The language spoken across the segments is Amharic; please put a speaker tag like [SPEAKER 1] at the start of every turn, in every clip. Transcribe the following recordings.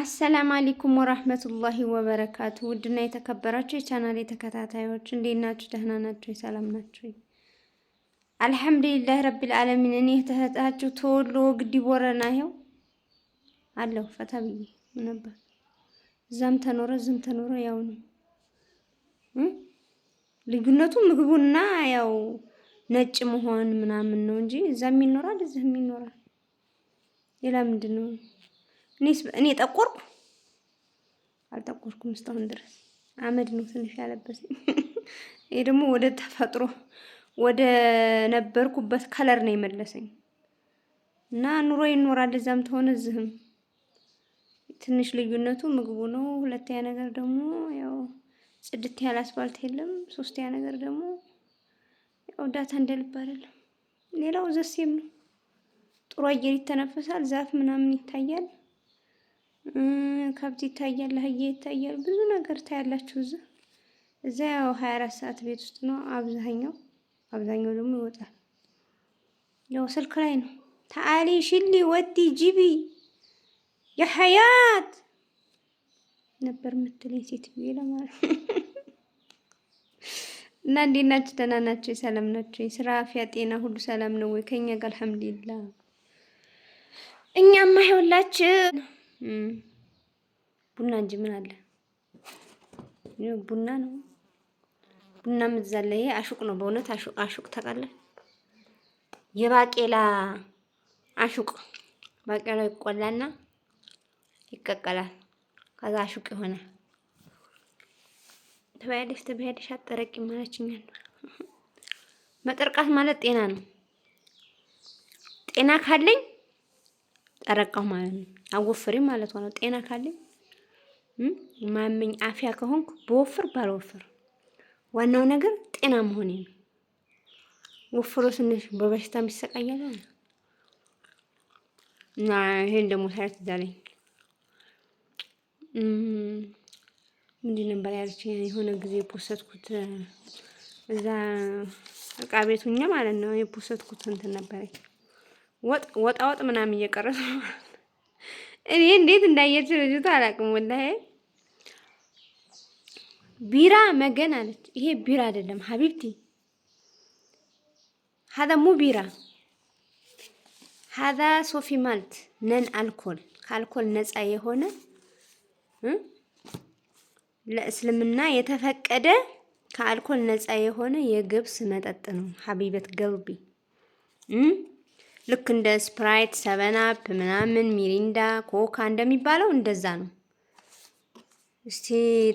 [SPEAKER 1] አሰላም አለይኩም ወራህመቱላሂ ወበረካቱ። ውድና የተከበራችሁ የቻናሌ ተከታታዮች እንዴት ናችሁ? ደህና ናችሁ? ሰላም ናችሁ? አልሐምዱሊላህ ረቢል ዓለሚን። እኔ እህታችሁ ተወሎ ግዲ ቦረና ይኸው አለሁ ፈታ ብዬ ነበር። እዛም ተኖረ እዚህም ተኖረ ያው ነው። ልዩነቱ ምግቡና ያው ነጭ መሆን ምናምን ነው እንጂ እዛም ይኖራል እዚህም ይኖራል። ሌላ ምንድን ነው? እኔ ጠቆርኩ አልጠቆርኩም። እስካሁን ድረስ አመድ ነው ትንሽ ያለበሰኝ። ይሄ ደግሞ ወደ ተፈጥሮ ወደ ነበርኩበት ከለር ነው የመለሰኝ። እና ኑሮ ይኖራል እዛም ተሆነ እዚህም ትንሽ ልዩነቱ ምግቡ ነው። ሁለተኛ ነገር ደግሞ ያው ጽድት ያለ አስፋልት የለም። ሶስተኛ ነገር ደግሞ ያው ዳታ እንደልብ አይደለም። ሌላው ዘሴም ነው። ጥሩ አየር ይተነፈሳል። ዛፍ ምናምን ይታያል። ከብት ይታያል፣ አህያ ይታያል፣ ብዙ ነገር ታያላችሁ። እዛ እዛ ያው ሀያ አራት ሰዓት ቤት ውስጥ ነው አብዛኛው። አብዛኛው ደግሞ ይወጣል፣ ያው ስልክ ላይ ነው። ታአሊ ሽሊ ወዲ ጂቢ የሀያት ነበር የምትለኝ ሴትዮ ለማለት እና እንዴት ናቸው? ደህና ናቸው? ሰላም ናቸው? ስራ አፍያ፣ ጤና ሁሉ ሰላም ነው ወይ? ከኛ ጋር አልሐምዱሊላህ እኛማ ይኸውላችሁ ቡና እንጂ ምን አለ? ቡና ነው። ቡና ምዛለ ይሄ አሹቅ ነው። በእውነት አሹቅ አሹቅ ታውቃለህ? የባቄላ አሹቅ ባቄላ ይቆላና ይቀቀላል። ከዛ አሹቅ የሆነ ተበያደሽ ተበያደሽ አጠረቂ ማለችኛል። መጠርቃት ማለት ጤና ነው። ጤና ካለኝ ጠረቃሁ ማለት ነው። አወፍሬ ማለት ነው። ጤና ካለኝ ማመኝ አፍያ ከሆንኩ በወፍር ባልወፍር ዋናው ነገር ጤና መሆኔ ነው። ወፍሮ ስንሽ በበሽታ የሚሰቃያለ እና ይሄን ደግሞ ሳያት ዛለኝ ምንድን ነበር ያለች የሆነ ጊዜ የፖሰትኩት እዛ እቃ ቤቱኛ ማለት ነው የፖሰትኩት እንትን ነበረኝ ወጣ ወጥ ምናምን እየቀረሱ እኔ እንዴት እንዳየች ልጅቷ አላውቅም። ወላሂ ቢራ መገን አለች። ይሄ ቢራ አይደለም ሀቢብቲ ሀዛ ሙ ቢራ ሀዛ ሶፊ ማልት ነን አልኮል ከአልኮል ነፃ የሆነ ለእስልምና የተፈቀደ ከአልኮል ነፃ የሆነ የገብስ መጠጥ ነው። ሀቢበት ገብቢ ልክ እንደ ስፕራይት፣ ሰቨናፕ ምናምን ሚሪንዳ፣ ኮካ እንደሚባለው እንደዛ ነው። እስቲ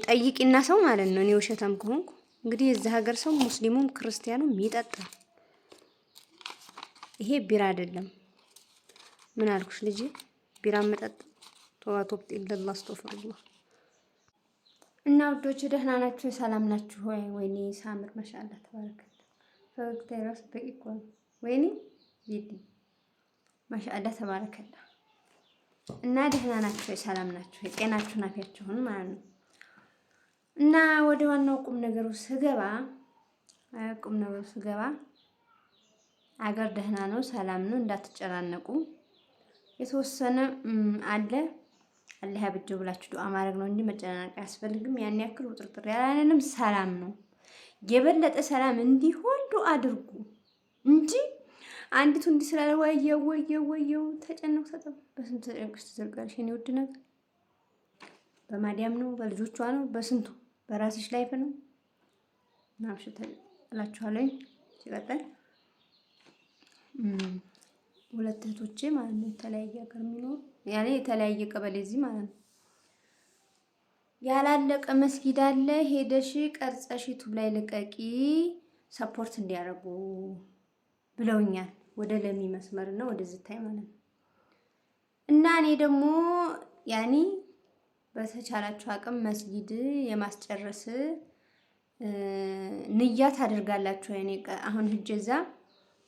[SPEAKER 1] ጠይቂና ሰው ማለት ነው። እኔ ውሸታም ከሆንኩ እንግዲህ የዚህ ሀገር ሰው ሙስሊሙም ክርስቲያኑም ይጠጣል። ይሄ ቢራ አይደለም። ምን አልኩሽ ልጅ? ቢራ መጠጥ ተዋቶብት ኢላላ አስተፍሩላ እና ውዶች ደህና ናችሁ? ሰላም ናችሁ ወይ? ወይኔ ሳምር ማሻአላ ተባረከ ፈገግታ የራሱ በቂ እኮ ነው። ወይኔ ይዲ ማሻአላ ተባረከላ። እና ደህና ናቸው፣ የሰላም ናቸው፣ የጤናችሁ ናፊያችሁን ማለት ነው። እና ወደ ዋናው ቁም ነገሩ ስገባ ቁም ነገሩ ስገባ አገር ደህና ነው፣ ሰላም ነው፣ እንዳትጨናነቁ። የተወሰነ አለ አላህ ያብጀው ብላችሁ ዱዓ ማድረግ ነው እንጂ መጨናነቅ አያስፈልግም። ያን ያክል ውጥርጥር ያላለንም ሰላም ነው። የበለጠ ሰላም እንዲሆን ዱዓ አድርጉ እንጂ አንዲቱ እንዲህ ስላለ ወየው ወየው ወየው ተጨነቅ ሰጠው በስንቱ ተጨንቅሽ ትዘልቃለሽ የኔ ውድ ነገር በማዲያም ነው በልጆቿ ነው በስንቱ በራስሽ ላይፍ ነው ናምሽ እላችኋለሁ። ሲቀጥል ሁለት እህቶቼ ማለት ነው የተለያየ ሀገር የሚኖሩ ያኔ የተለያየ ቀበሌ እዚህ ማለት ነው ያላለቀ መስጊድ አለ ሄደሽ ቀርጸሽ ዩቱብ ላይ ልቀቂ ሰፖርት እንዲያደርጉ ብለውኛል። ወደ ለሚ መስመር እና ወደ ዝታይ ማለት ነው እና እኔ ደግሞ ያኒ በተቻላችሁ አቅም መስጊድ የማስጨረስ ንያ ታደርጋላችሁ። ያኔ አሁን ህጅ እዛ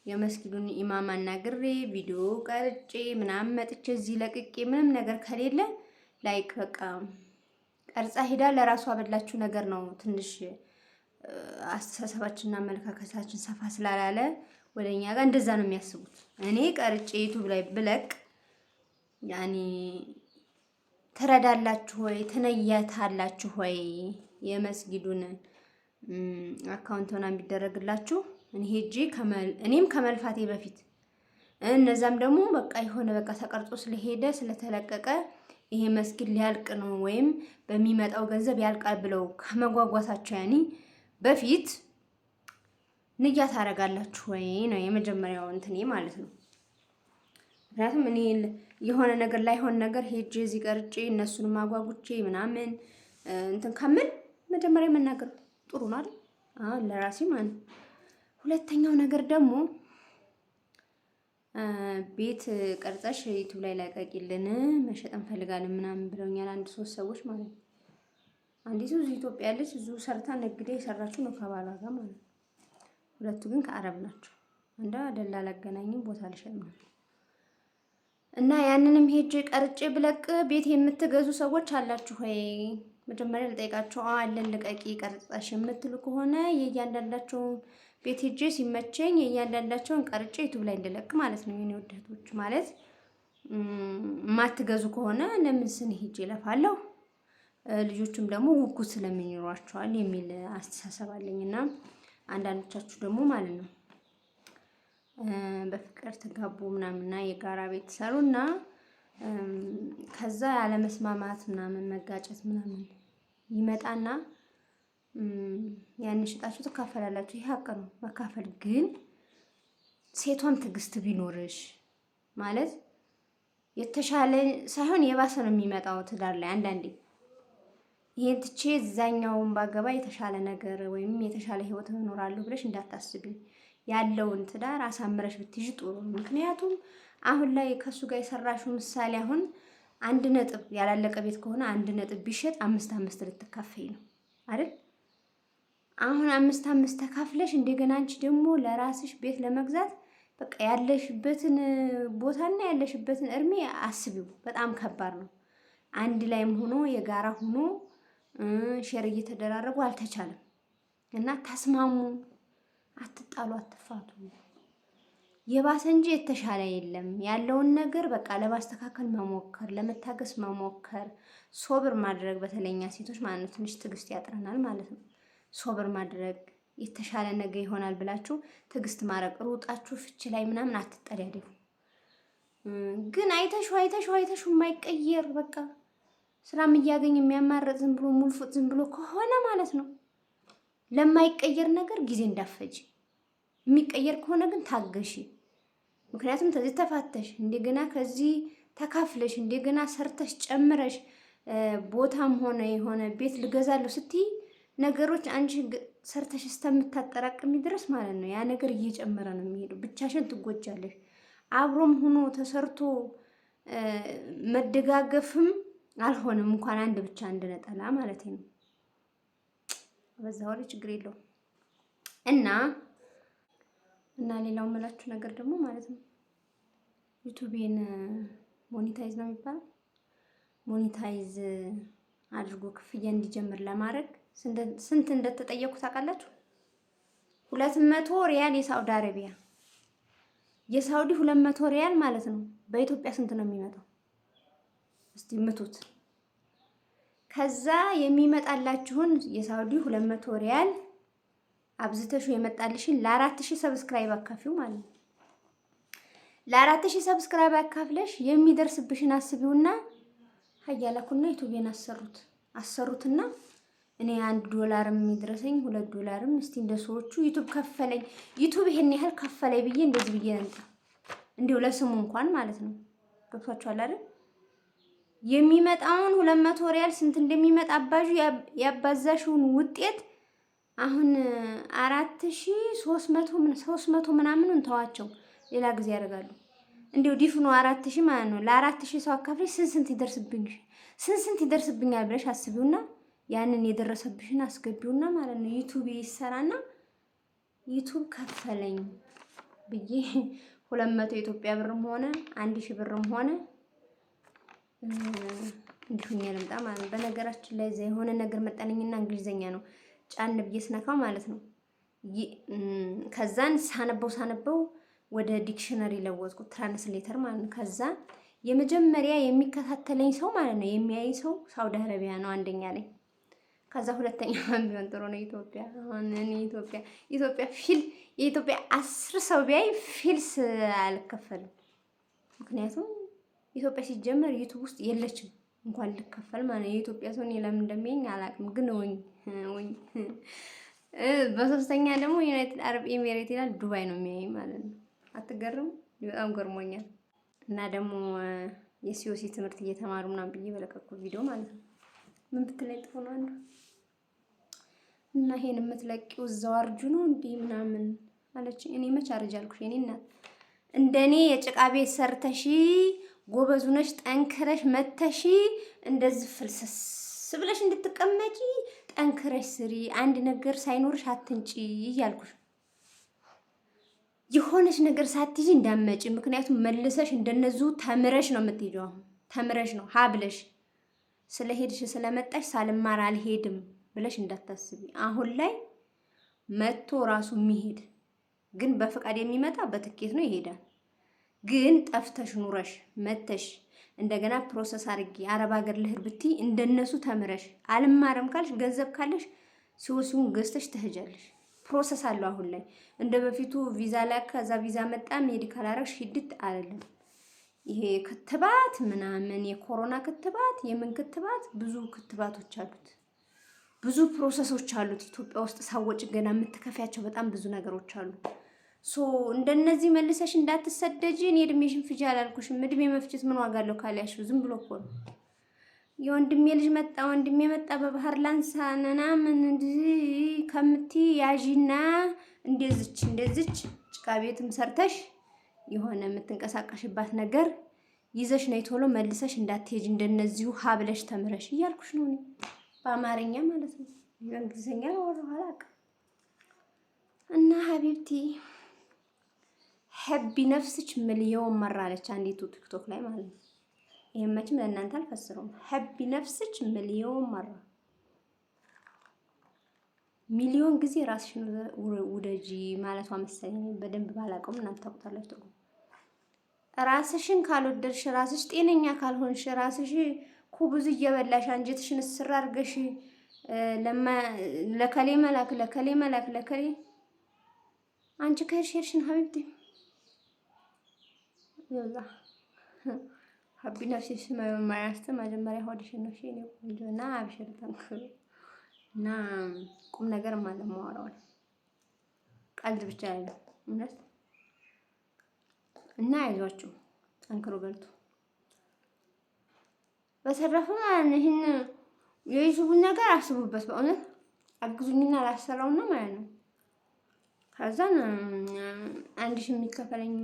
[SPEAKER 1] የመስጊዱን ኢማም አናግሬ ቪዲዮ ቀርጬ ምናምን መጥቼ እዚህ ለቅቄ ምንም ነገር ከሌለ ላይክ በቃ ቀርጻ ሄዳ ለራሱ አበላችሁ ነገር ነው። ትንሽ አስተሳሰባችንና አመለካከታችን ሰፋ ስላላለ ወደ እኛ ጋር እንደዛ ነው የሚያስቡት። እኔ ቀርጬ ዩቱብ ላይ ብለቅ ያኔ ትረዳላችሁ ወይ ትነያታላችሁ ወይ የመስጊዱን አካውንት ሆና የሚደረግላችሁ እኔ እኔም ከመልፋቴ በፊት እነዛም ደግሞ በቃ የሆነ በቃ ተቀርጾ ስለሄደ ስለተለቀቀ ይሄ መስጊድ ሊያልቅ ነው ወይም በሚመጣው ገንዘብ ያልቃል ብለው ከመጓጓታቸው ያኔ በፊት ንያ ታደርጋላችሁ ወይ ነው የመጀመሪያው እንትኔ ማለት ነው። ምክንያቱም እኔ የሆነ ነገር ላይሆን ነገር ሄጄ እዚህ ቀርጬ እነሱን ማጓጉቼ ምናምን እንትን ከምን መጀመሪያ መናገር ጥሩ ነው አይደል? ለራሴ ማለት ነው። ሁለተኛው ነገር ደግሞ ቤት ቀርጸሽ ዩቱብ ላይ ላቀቂልን መሸጥ እንፈልጋለን ምናምን ብለውኛል። አንድ ሶስት ሰዎች ማለት ነው። አንዲቱ እዚህ ኢትዮጵያ ያለች እዚሁ ሰርታ ነግዳ የሰራችው ነው ከባሏ ጋር ማለት ነው። ሁለቱ ግን ከአረብ ናቸው። እንደ ደላ አላገናኝም ቦታ አልሸጥም እና ያንንም ሄጄ ቀርጬ ብለቅ ቤት የምትገዙ ሰዎች አላችሁ ወይ? መጀመሪያ ልጠይቃቸው። አለን ልቀቂ ቀርጻሽ የምትሉ ከሆነ የእያንዳንዳቸውን ቤት ሄጄ ሲመቸኝ የእያንዳንዳቸውን ቀርጬ ዩቱብ ላይ እንድለቅ ማለት ነው። የኔ ወዳጆች ማለት የማትገዙ ከሆነ ለምን ስን ሄጄ እለፋለሁ። ልጆቹም ደግሞ ጉጉት ስለሚኖሯቸዋል የሚል አስተሳሰብ አለኝና አንዳንዶቻችሁ ደግሞ ማለት ነው በፍቅር ተጋቡ ምናምንና የጋራ ቤት ሰሩና ከዛ ያለመስማማት ምናምን መጋጨት ምናምን ይመጣና ያን ሽጣችሁ ትካፈላላችሁ። ይህ ሀቅ ነው መካፈል። ግን ሴቷም ትዕግስት ቢኖርሽ ማለት የተሻለ ሳይሆን የባሰ ነው የሚመጣው ትዳር ላይ አንዳንዴ ይሄን ትቼ እዛኛውን ባገባ የተሻለ ነገር ወይም የተሻለ ህይወት እኖራለሁ ብለሽ እንዳታስቢ። ያለውን ትዳር አሳምረሽ ብትይዥ ጥሩ። ምክንያቱም አሁን ላይ ከእሱ ጋር የሰራሽው ምሳሌ አሁን አንድ ነጥብ ያላለቀ ቤት ከሆነ አንድ ነጥብ ቢሸጥ አምስት አምስት ልትካፈይ ነው አይደል? አሁን አምስት አምስት ተካፍለሽ እንደገና አንቺ ደግሞ ለራስሽ ቤት ለመግዛት በቃ ያለሽበትን ቦታና ያለሽበትን እድሜ አስቢው። በጣም ከባድ ነው። አንድ ላይም ሆኖ የጋራ ሆኖ ሼር እየተደራረጉ አልተቻለም። እና ተስማሙ፣ አትጣሉ፣ አትፋቱ። የባሰ እንጂ የተሻለ የለም። ያለውን ነገር በቃ ለማስተካከል መሞከር፣ ለመታገስ መሞከር፣ ሶብር ማድረግ በተለኛ ሴቶች ማለት ነው። ትንሽ ትዕግስት ያጥረናል ማለት ነው። ሶብር ማድረግ የተሻለ ነገር ይሆናል ብላችሁ ትዕግስት ማድረግ ሩጣችሁ ፍች ላይ ምናምን አትጠዳደፉ። ግን አይተሹ አይተሹ አይተሹ የማይቀየር በቃ ስራም እያገኝ የሚያማረጥ ዝም ብሎ ሙልፉጥ ዝም ብሎ ከሆነ ማለት ነው ለማይቀየር ነገር ጊዜ እንዳፈጅ። የሚቀየር ከሆነ ግን ታገሺ። ምክንያቱም ከዚህ ተፋተሽ እንደገና ከዚህ ተካፍለሽ እንደገና ሰርተሽ ጨምረሽ ቦታም ሆነ የሆነ ቤት ልገዛለሁ ስትይ ነገሮች አንቺ ሰርተሽ እስከምታጠራቅሚ ድረስ ማለት ነው ያ ነገር እየጨመረ ነው የሚሄደው። ብቻሽን ትጎጃለሽ። አብሮም ሆኖ ተሰርቶ መደጋገፍም አልሆንም እንኳን አንድ ብቻ አንድ ነጠላ ማለት ነው። በዛ ወሬ ችግር የለውም እና እና ሌላው መላችሁ ነገር ደግሞ ማለት ነው ዩቱቤን ሞኔታይዝ ነው የሚባለው ሞኔታይዝ አድርጎ ክፍያ እንዲጀምር ለማድረግ ስንት እንደተጠየቁ ታውቃላችሁ? ሁለት መቶ ሪያል የሳውዲ አረቢያ የሳውዲ ሁለት መቶ ሪያል ማለት ነው። በኢትዮጵያ ስንት ነው የሚመጣው? እስቲ ምቱት። ከዛ የሚመጣላችሁን የሳውዲ 200 ሪያል አብዝተሹ የመጣልሽን ለ4000 ሰብስክራይብ አካፊው ማለት ነው። ለ4000 ሰብስክራይብ አካፍለሽ የሚደርስብሽን አስቢውና ሀያላኩና ዩቲዩብን አሰሩት አሰሩትና እኔ አንድ ዶላርም የሚደርሰኝ ሁለት ዶላርም እስቲ እንደ ሰዎቹ ዩቲዩብ ከፈለኝ ዩቱብ ይሄን ያህል ከፈለኝ ብዬ እንደዚህ ብዬ እንትን እንዲሁ ለስሙ እንኳን ማለት ነው ገብቷችኋል አይደል? የሚመጣውን ሁለት መቶ ሪያል ስንት እንደሚመጣ አባዡ ያባዛሽውን ውጤት አሁን አራት ሺ ሶስት መቶ ሶስት መቶ ምናምኑን ተዋቸው፣ ሌላ ጊዜ ያደርጋሉ። እንዲሁ ዲፍኖ አራት ሺ ማለት ነው። ለአራት ሺ ሰው አካፍለሽ ስንት ስንት ይደርስብኝ ስንት ስንት ይደርስብኛል ብለሽ አስቢውና ያንን የደረሰብሽን አስገቢውና ማለት ነው ዩቱብ ይሰራና ዩቱብ ከፈለኝ ብዬ ሁለት መቶ የኢትዮጵያ ብርም ሆነ አንድ ሺህ ብርም ሆነ እንዲሁኛ ልምጣ ማለት ነው። በነገራችን ላይ የሆነ ነገር መጣልኝና እንግሊዘኛ ነው ጫን ብዬ ስነካው ማለት ነው። ከዛን ሳነበው ሳነበው ወደ ዲክሽነሪ ለወጥኩ ትራንስሌተር ማለት ነው። ከዛ የመጀመሪያ የሚከታተለኝ ሰው ማለት ነው የሚያይ ሰው ሳውዲ አረቢያ ነው አንደኛ ላይ። ከዛ ሁለተኛ ቢሆን ጥሩ ነው ኢትዮጵያ። አሁን እኔ ኢትዮጵያ ኢትዮጵያ ፊል የኢትዮጵያ አስር ሰው ቢያይ ፊልስ አልከፈልም ምክንያቱም ኢትዮጵያ ሲጀመር ዩቱብ ውስጥ የለችም እንኳን ልከፈል ማለት የኢትዮጵያ ሰው እኔ ለምን እንደሚያኝ አላውቅም፣ ግን ወኝ ወኝ። በሶስተኛ ደግሞ ዩናይትድ አረብ ኤሚሬት ይላል ዱባይ ነው የሚያይ ማለት ነው። አትገርም? በጣም ገርሞኛል። እና ደግሞ የሲኦሲ ትምህርት እየተማሩ ምናምን ብዬ በለቀኩ ቪዲዮ ማለት ነው። ምን ብትለጥፉ ነው አንዱ እና ይሄን የምትለቂው እዛው አርጁ ነው እንዲህ ምናምን አለች። እኔ መች አርጃ አልኩሽ? እኔ እንደኔ የጭቃ ቤት ሰርተሽ ጎበዙ ነሽ፣ ጠንክረሽ መተሽ እንደዚህ ፍልስስ ብለሽ እንድትቀመጪ ጠንክረሽ ስሪ። አንድ ነገር ሳይኖርሽ አትንጪ እያልኩሽ የሆነች ነገር ሳትይዥ እንዳመጪ። ምክንያቱም መልሰሽ እንደነዙ ተምረሽ ነው የምትሄጂው። አሁን ተምረሽ ነው ሀብለሽ ስለሄድሽ ስለመጣሽ ሳልማር አልሄድም ብለሽ እንዳታስቢ። አሁን ላይ መጥቶ ራሱ የሚሄድ ግን በፍቃድ የሚመጣ በትኬት ነው ይሄዳል። ግን ጠፍተሽ ኑረሽ መተሽ እንደገና ፕሮሰስ አድርጊ አረብ ሀገር ልህር ብቲ እንደነሱ ተምረሽ አልማረም ካልሽ ገንዘብ ካለሽ ሲወሱን ገዝተሽ ትሄጃለሽ። ፕሮሰስ አለው። አሁን ላይ እንደ በፊቱ ቪዛ ላይ ከዛ ቪዛ መጣ ሜዲካል አረግሽ ሂድት አለም። ይሄ ክትባት ምናምን የኮሮና ክትባት የምን ክትባት ብዙ ክትባቶች አሉት፣ ብዙ ፕሮሰሶች አሉት። ኢትዮጵያ ውስጥ ሰዎች ገና የምትከፊያቸው በጣም ብዙ ነገሮች አሉ። ሶ እንደነዚህ መልሰሽ እንዳትሰደጂ። እኔ እድሜሽን ፍጃ አላልኩሽም። እድሜ መፍጀት ምን ዋጋ አለው? ካልያሽው ዝም ብሎ እኮ ነው። የወንድሜ ልጅ መጣ፣ ወንድሜ መጣ፣ በባህር ነና ምን እንዲህ ከምቲ ያዥና እንደዚች እንደዚች ጭቃ ቤትም ሰርተሽ የሆነ የምትንቀሳቀሽባት ነገር ይዘሽ ነይ ቶሎ መልሰሽ እንዳትሄጅ እንደነዚሁ ሀብለሽ ተምረሽ እያልኩሽ ነው። እኔ በአማርኛ ማለት ነው፣ በእንግሊዝኛ ወደኋላ እና ሀቢብቲ ሀቢ ነፍስች ሚሊዮን መራለች አንዲቱ ቲክቶክ ላይ ማለት ነው። ይሄን መቼም ለእናንተ አልፈስረውም። ሀቢ ነፍስች ሚሊዮን መራ ሚሊዮን ጊዜ ራስሽን ውደጂ ማለቷ መሰለኝ። በደንብ ባላውቀውም እናንተ ታውቁታላችሁ ጥሩ ራስሽን ካልወደድሽ፣ ራስሽ ጤነኛ ካልሆንሽ፣ ራስሽ ኩብዝ እየበላሽ አንጀትሽን እስር አድርገሽ ለከሌ መላክ ለከሌ መላክ ለከሌ አንቺ ከሄድሽ ሄድሽን ሀቢብቴ ይላ ሀቢ ነፍሴ መማያስተ መጀመሪያ ሆድሽን ነው። እሺ ነው ቆንጆና አብሽር ተንክሩ እና ቁም ነገር ማለት ማወራው ቀልድ ብቻ ያለው እውነት እና አይዟችሁ፣ ጠንክሩ በልቱ። በተረፈ ይህን የዩቱቡን ነገር አስቡበት። በእውነት አግዙኝና ላሰራውና ማለት ነው ከዛን አንድ ሺህ የሚከፈለኝ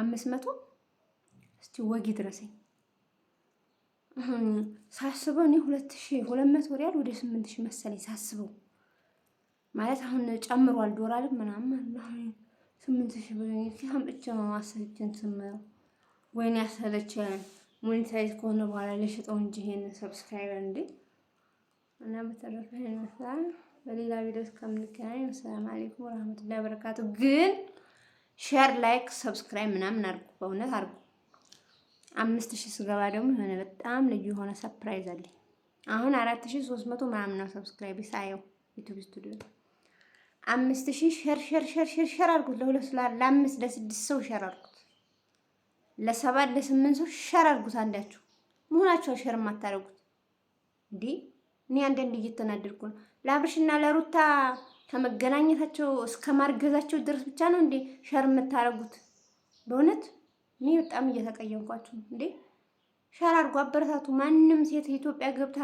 [SPEAKER 1] አምስት መቶ እስቲ ወጊ ድረሰኝ ሳስበው እኔ ሁለት ሺ ሁለት መቶ ሪያል ወደ ስምንት ሺ መሰለኝ ሳስበው ማለት አሁን ጨምሯል ዶላርም ምናምን ስምንት ሺ ብሎ አምጥቼ ነው አሰልችን ስምረው ወይን ያሰለች ሞኒታይዝ ከሆነ በኋላ ለሽጠው እንጂ ይሄን ሰብስክራይበር እንዴ እና በተረፈ ይመስላል በሌላ ቪዲዮ እስከምንገናኝ ሰላም አለይኩም ወራህመቱላሂ ወበረካቱ ግን ሼር፣ ላይክ፣ ሰብስክራይብ ምናምን አድርጉ። በእውነት አድርጉ። አምስት ሺህ ስገባ ደግሞ የሆነ በጣም ልዩ የሆነ ሰፕራይዝ አለኝ። አሁን አራት ሺህ ሶስት መቶ ምናምን ነው ሰብስክራይብ ሳየው ዩቱብ ስቱዲዮ አምስት ሺህ ሸር ሸር ሸር ሸር ሸር አድርጉት። ለሁለት ስላ ለአምስት ለስድስት ሰው ሸር አድርጉት። ለሰባት ለስምንት ሰው ሸር አድርጉት። አንዳችሁ መሆናቸው ሸር ማታደርጉት እንዴ? እኔ አንዳንድ እየተናደድኩ ነው ለአብርሽና ለሩታ ከመገናኘታቸው እስከ ማርገዛቸው ድረስ ብቻ ነው እንዴ ሸር የምታደርጉት? በእውነት እኔ በጣም እየተቀየምኳችሁ እንዴ። ሸር አርጎ አበረታቱ። ማንም ሴት ኢትዮጵያ ገብታ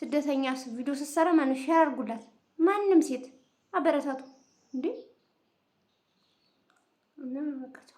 [SPEAKER 1] ስደተኛ ቪዲዮ ስትሰራ ማ ሸር አድርጉላት። ማንም ሴት አበረታቱ እንዴ እና